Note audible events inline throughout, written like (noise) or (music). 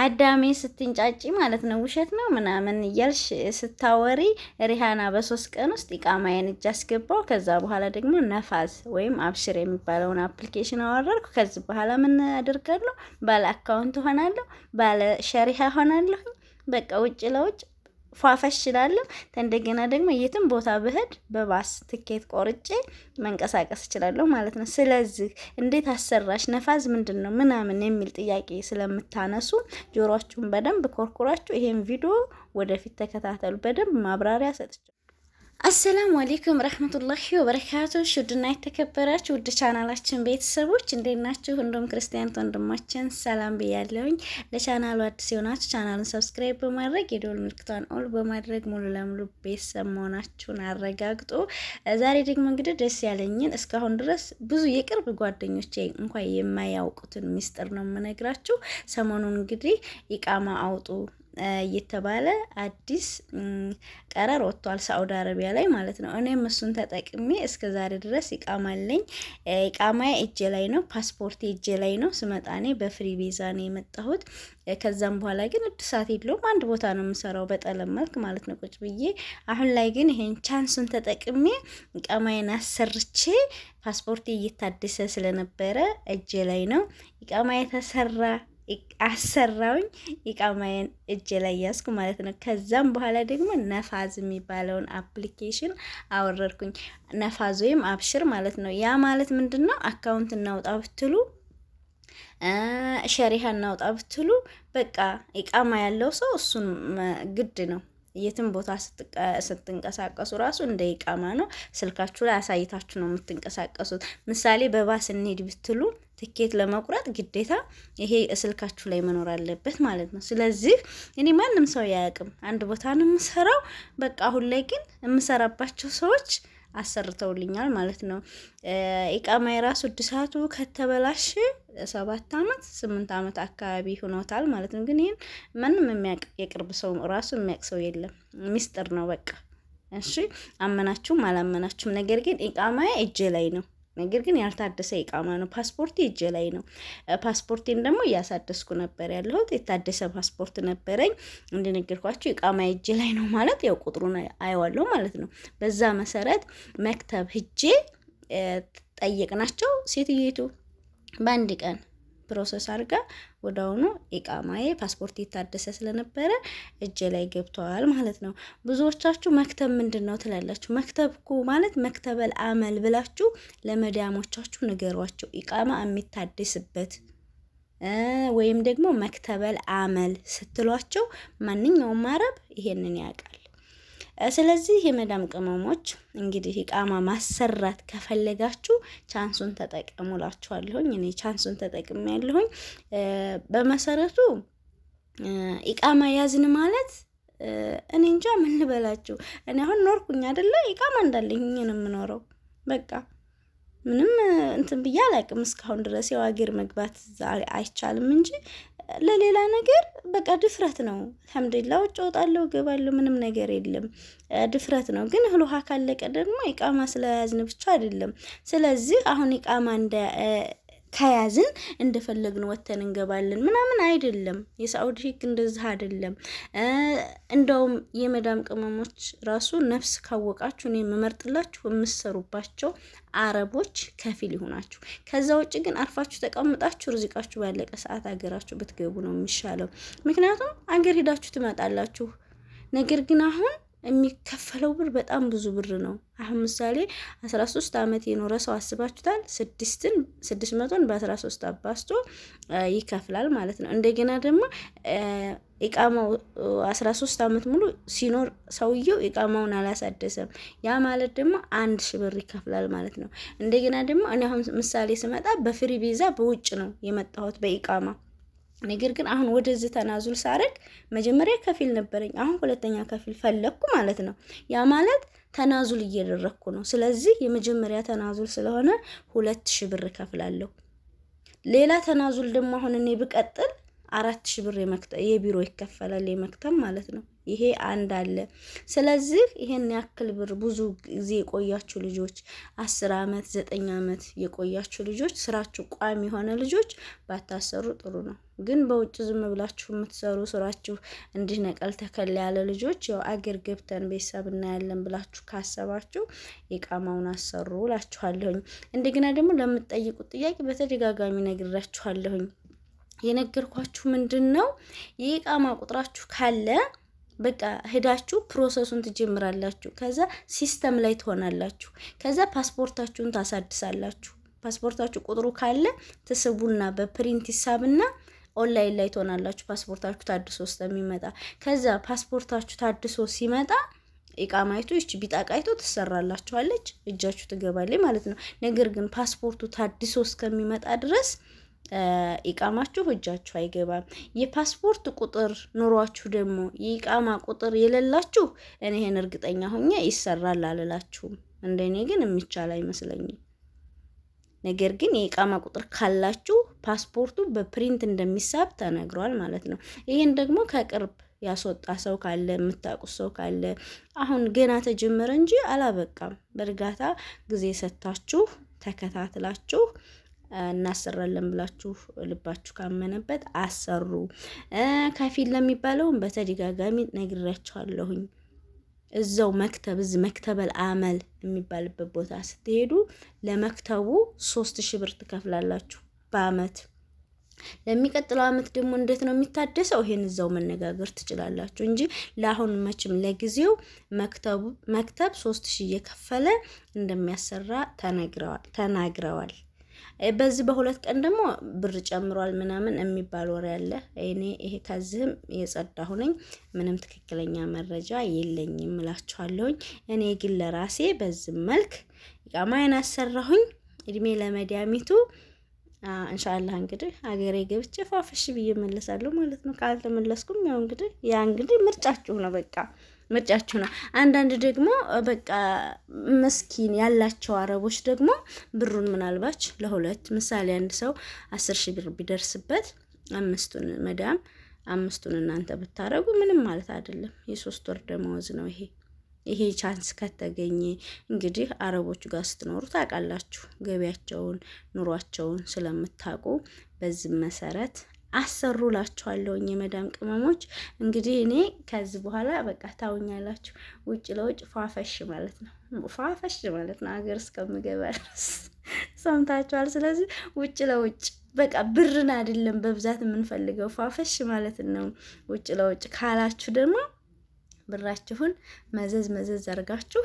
አዳሜ ስትንጫጭ ማለት ነው። ውሸት ነው ምናምን እያልሽ ስታወሪ ሪሃና በሶስት ቀን ውስጥ ኢቃማዬን እጅ አስገባው። ከዛ በኋላ ደግሞ ነፋስ ወይም አብሽር የሚባለውን አፕሊኬሽን አወረድኩ። ከዚህ በኋላ ምን አደርጋለሁ? ባለ አካውንት ሆናለሁ፣ ባለ ሸሪሃ ሆናለሁ። በቃ ውጭ ለውጭ ፏፈሽ እችላለሁ። እንደገና ደግሞ የትም ቦታ ብሄድ በባስ ትኬት ቆርጬ መንቀሳቀስ እችላለሁ ማለት ነው። ስለዚህ እንዴት አሰራሽ ነፋዝ ምንድን ነው ምናምን የሚል ጥያቄ ስለምታነሱ ጆሮችሁን በደንብ ኮርኩራችሁ ይሄን ቪዲዮ ወደፊት ተከታተሉ። በደንብ ማብራሪያ ሰጥቻለሁ። አሰላሙ አሌይኩም ረህመቱላሂ ወበረካቱ ሹድና የተከበራችሁ ውድ ቻናላችን ቤተሰቦች እንዴት ናችሁ? እንዲሁም ክርስቲያን ወንድማችን ሰላም ብያለሁኝ። ለቻናሉ አዲስ የሆናችሁ ቻናሉን ሰብስክራይብ በማድረግ የደወል ምልክቷን ኦል በማድረግ ሙሉ ለሙሉ ቤተሰብ መሆናችሁን አረጋግጡ። ዛሬ ደግሞ እንግዲህ ደስ ያለኝን እስካሁን ድረስ ብዙ የቅርብ ጓደኞቼ እንኳን የማያውቁትን ሚስጥር ነው የምነግራችሁ። ሰሞኑን እንግዲህ ይቃማ አውጡ እየተባለ አዲስ ቀረር ወጥቷል፣ ሳዑዲ አረቢያ ላይ ማለት ነው። እኔም እሱን ተጠቅሜ እስከ ዛሬ ድረስ ይቃማለኝ። ይቃማዬ እጄ ላይ ነው፣ ፓስፖርት እጄ ላይ ነው። ስመጣኔ በፍሪ ቪዛ ነው የመጣሁት። ከዛም በኋላ ግን እድሳት የለውም። አንድ ቦታ ነው የምሰራው በጠለም መልክ ማለት ነው ቁጭ ብዬ። አሁን ላይ ግን ይሄን ቻንሱን ተጠቅሜ ይቃማዬን አሰርቼ ፓስፖርቴ እየታደሰ ስለነበረ እጄ ላይ ነው ይቃማዬ ተሰራ። አሰራውኝ ኢቃማዬን እጅ ላይ ያዝኩ ማለት ነው። ከዛም በኋላ ደግሞ ነፋዝ የሚባለውን አፕሊኬሽን አወረድኩኝ። ነፋዝ ወይም አብሽር ማለት ነው። ያ ማለት ምንድን ነው? አካውንት እናውጣ ብትሉ ሸሪሃ እናውጣ ብትሉ በቃ ኢቃማ ያለው ሰው እሱን ግድ ነው የትም ቦታ ስትንቀሳቀሱ ራሱ እንደ ይቃማ ነው። ስልካችሁ ላይ አሳይታችሁ ነው የምትንቀሳቀሱት። ምሳሌ በባስ እንሄድ ብትሉ ትኬት ለመቁረጥ ግዴታ ይሄ ስልካችሁ ላይ መኖር አለበት ማለት ነው። ስለዚህ እኔ ማንም ሰው ያያቅም አንድ ቦታ ነው የምሰራው። በቃ አሁን ላይ ግን የምሰራባቸው ሰዎች አሰርተውልኛል ማለት ነው። ኢቃማ የራሱ እድሳቱ ከተበላሽ ሰባት አመት ስምንት አመት አካባቢ ሆኖታል ማለት ነው። ግን ይህን ምንም የሚያውቅ የቅርብ ሰው ራሱ የሚያቅ ሰው የለም። ሚስጥር ነው በቃ እሺ። አመናችሁም አላመናችሁም፣ ነገር ግን ኢቃማ እጄ ላይ ነው። ነገር ግን ያልታደሰ ኢቃማ ነው። ፓስፖርት እጄ ላይ ነው። ፓስፖርቴን ደግሞ እያሳደስኩ ነበር ያለሁት። የታደሰ ፓስፖርት ነበረኝ እንደነገርኳቸው። የቃማ እጄ ላይ ነው ማለት ያው ቁጥሩን አየዋለሁ ማለት ነው። በዛ መሰረት መክተብ ሂጄ ጠየቅናቸው ሴትዮቱ በአንድ ቀን ፕሮሰስ አድርጋ ወደ አሁኑ ኢቃማዬ ፓስፖርት የታደሰ ስለነበረ እጄ ላይ ገብተዋል ማለት ነው። ብዙዎቻችሁ መክተብ ምንድን ነው ትላላችሁ። መክተብ እኮ ማለት መክተበል አመል ብላችሁ ለመዳሞቻችሁ ንገሯቸው። ኢቃማ የሚታደስበት ወይም ደግሞ መክተበል አመል ስትሏቸው ማንኛውም አረብ ይሄንን ያውቃል። ስለዚህ የመዳም ቅመሞች እንግዲህ ኢቃማ ማሰራት ከፈለጋችሁ ቻንሱን ተጠቀሙ ላችኋለሁኝ። እኔ ቻንሱን ተጠቅም ያለሁኝ በመሰረቱ ኢቃማ ያዝን ማለት እኔ እንጃ ምን ልበላችሁ። እኔ አሁን ኖርኩኝ አደለ ኢቃማ እንዳለኝ ነው የምኖረው። በቃ ምንም እንትን ብዬ አላቅም እስካሁን ድረስ። የዋጌር መግባት አይቻልም እንጂ ለሌላ ነገር በቃ ድፍረት ነው። አልሐምዱሊላ ውጭ ወጣለሁ ገባለሁ ምንም ነገር የለም ድፍረት ነው። ግን እህል ውሃ ካለቀ ደግሞ ኢቃማ ስለያዝን ብቻ አይደለም። ስለዚህ አሁን ኢቃማ እንደ ከያዝን እንደፈለግን ወተን እንገባለን ምናምን አይደለም። የሳውዲ ህግ እንደዚህ አይደለም። እንደውም የመዳም ቅመሞች ራሱ ነፍስ ካወቃችሁ እኔ የምመርጥላችሁ የምሰሩባቸው አረቦች ከፊል ይሆናችሁ። ከዛ ውጭ ግን አርፋችሁ ተቀምጣችሁ ርዚቃችሁ ባለቀ ሰዓት አገራችሁ ብትገቡ ነው የሚሻለው። ምክንያቱም አገር ሄዳችሁ ትመጣላችሁ። ነገር ግን አሁን የሚከፈለው ብር በጣም ብዙ ብር ነው። አሁን ምሳሌ አስራ ሶስት አመት የኖረ ሰው አስባችሁታል? ስድስትን ስድስት መቶን በአስራ ሶስት አባስቶ ይከፍላል ማለት ነው። እንደገና ደግሞ ኢቃማው አስራ ሶስት አመት ሙሉ ሲኖር ሰውየው ኢቃማውን አላሳደሰም። ያ ማለት ደግሞ አንድ ሽብር ብር ይከፍላል ማለት ነው። እንደገና ደግሞ እኔ አሁን ምሳሌ ስመጣ በፍሪ ቪዛ በውጭ ነው የመጣሁት በኢቃማ ነገር ግን አሁን ወደዚህ ተናዙል ሳረግ መጀመሪያ ከፊል ነበረኝ፣ አሁን ሁለተኛ ከፊል ፈለግኩ ማለት ነው። ያ ማለት ተናዙል እየደረግኩ ነው። ስለዚህ የመጀመሪያ ተናዙል ስለሆነ ሁለት ሺ ብር ከፍላለሁ። ሌላ ተናዙል ደግሞ አሁን እኔ ብቀጥል አራት ሺ ብር የቢሮ ይከፈላል የመክተም ማለት ነው። ይሄ አንድ አለ። ስለዚህ ይሄን ያክል ብር ብዙ ጊዜ የቆያችሁ ልጆች አስር አመት ዘጠኝ አመት የቆያችሁ ልጆች ስራችሁ ቋሚ የሆነ ልጆች ባታሰሩ ጥሩ ነው። ግን በውጭ ዝም ብላችሁ የምትሰሩ ስራችሁ እንዲህ ነቀል ተከል ያለ ልጆች ያው አገር ገብተን ቤተሰብ እናያለን ብላችሁ ካሰባችሁ የቃማውን አሰሩ እላችኋለሁኝ። እንደገና ደግሞ ለምትጠይቁት ጥያቄ በተደጋጋሚ ነግራችኋለሁኝ። የነገርኳችሁ ምንድን ነው የቃማ ቁጥራችሁ ካለ በቃ ሄዳችሁ ፕሮሰሱን ትጀምራላችሁ። ከዛ ሲስተም ላይ ትሆናላችሁ። ከዛ ፓስፖርታችሁን ታሳድሳላችሁ። ፓስፖርታችሁ ቁጥሩ ካለ ትስቡና በፕሪንት ሂሳብና ኦንላይን ላይ ትሆናላችሁ። ፓስፖርታችሁ ታድሶ ስለሚመጣ ከዛ ፓስፖርታችሁ ታድሶ ሲመጣ ኢቃማይቱ ይች ቢጣቃይቱ ትሰራላችኋለች፣ እጃችሁ ትገባለች ማለት ነው። ነገር ግን ፓስፖርቱ ታድሶ እስከሚመጣ ድረስ ኢቃማችሁ እጃችሁ አይገባም። የፓስፖርት ቁጥር ኑሯችሁ ደግሞ የኢቃማ ቁጥር የሌላችሁ እኔህን እርግጠኛ ሆኜ ይሰራል አልላችሁም። እንደኔ ግን የሚቻል አይመስለኝም። ነገር ግን የኢቃማ ቁጥር ካላችሁ ፓስፖርቱ በፕሪንት እንደሚሳብ ተነግሯል ማለት ነው። ይህን ደግሞ ከቅርብ ያስወጣ ሰው ካለ የምታውቁት ሰው ካለ አሁን ገና ተጀመረ እንጂ አላበቃም። በእርጋታ ጊዜ ሰጥታችሁ ተከታትላችሁ እናሰራለን ብላችሁ ልባችሁ ካመነበት አሰሩ። ከፊል ለሚባለውን በተደጋጋሚ ነግሬያችኋለሁኝ። እዛው መክተብ እዚህ መክተበል አመል የሚባልበት ቦታ ስትሄዱ ለመክተቡ ሶስት ሺህ ብር ትከፍላላችሁ በአመት። ለሚቀጥለው አመት ደግሞ እንዴት ነው የሚታደሰው? ይሄን እዛው መነጋገር ትችላላችሁ እንጂ ለአሁን መቼም ለጊዜው መክተቡ መክተብ ሶስት ሺህ እየከፈለ እንደሚያሰራ ተናግረዋል። በዚህ በሁለት ቀን ደግሞ ብር ጨምሯል ምናምን የሚባል ወሬ አለ። እኔ ይሄ ከዚህም የጸዳሁ ነኝ። ምንም ትክክለኛ መረጃ የለኝም እላችኋለሁኝ። እኔ ግን ለራሴ በዚህ መልክ ኢቃማዬን አሰራሁኝ። እድሜ ለመዲያሚቱ እንሻላህ እንግዲህ አገሬ ገብቼ ፏፈሽ ብዬ መለሳለሁ ማለት ነው። ካልተመለስኩም ያው እንግዲህ ያ እንግዲህ ምርጫችሁ ነው በቃ። ምርጫችሁ ነው። አንዳንድ ደግሞ በቃ መስኪን ያላቸው አረቦች ደግሞ ብሩን ምናልባች ለሁለት ምሳሌ አንድ ሰው አስር ሺህ ብር ቢደርስበት አምስቱን መዳም አምስቱን እናንተ ብታረጉ ምንም ማለት አይደለም። የሶስት ወር ደመወዝ ነው ይሄ። ይሄ ቻንስ ከተገኘ እንግዲህ አረቦቹ ጋር ስትኖሩ ታውቃላችሁ፣ ገቢያቸውን ኑሯቸውን ስለምታውቁ በዚህ መሰረት አሰሩ ላችኋለሁኝ የመዳም ቅመሞች። እንግዲህ እኔ ከዚህ በኋላ በቃ ታውኛላችሁ፣ ውጭ ለውጭ ፏፈሽ ማለት ነው። ፏፈሽ ማለት ነው ሀገር እስከምገባ ድረስ (laughs) ሰምታችኋል። ስለዚህ ውጭ ለውጭ በቃ ብርን አይደለም በብዛት የምንፈልገው ፏፈሽ ማለት ነው። ውጭ ለውጭ ካላችሁ ደግሞ ብራችሁን መዘዝ መዘዝ አርጋችሁ?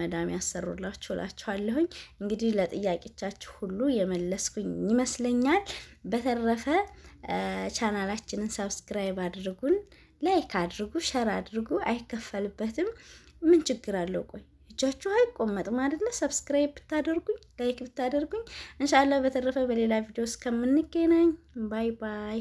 መዳም ያሰሩላችሁ እላችኋለሁኝ። እንግዲህ ለጥያቄቻችሁ ሁሉ የመለስኩኝ ይመስለኛል። በተረፈ ቻናላችንን ሰብስክራይብ አድርጉን፣ ላይክ አድርጉ፣ ሸር አድርጉ። አይከፈልበትም። ምን ችግር አለው? ቆይ እጃችሁ አይቆመጥም አይደለ? ሰብስክራይብ ብታደርጉኝ፣ ላይክ ብታደርጉኝ። እንሻላ በተረፈ በሌላ ቪዲዮ እስከምንገናኝ ባይ ባይ።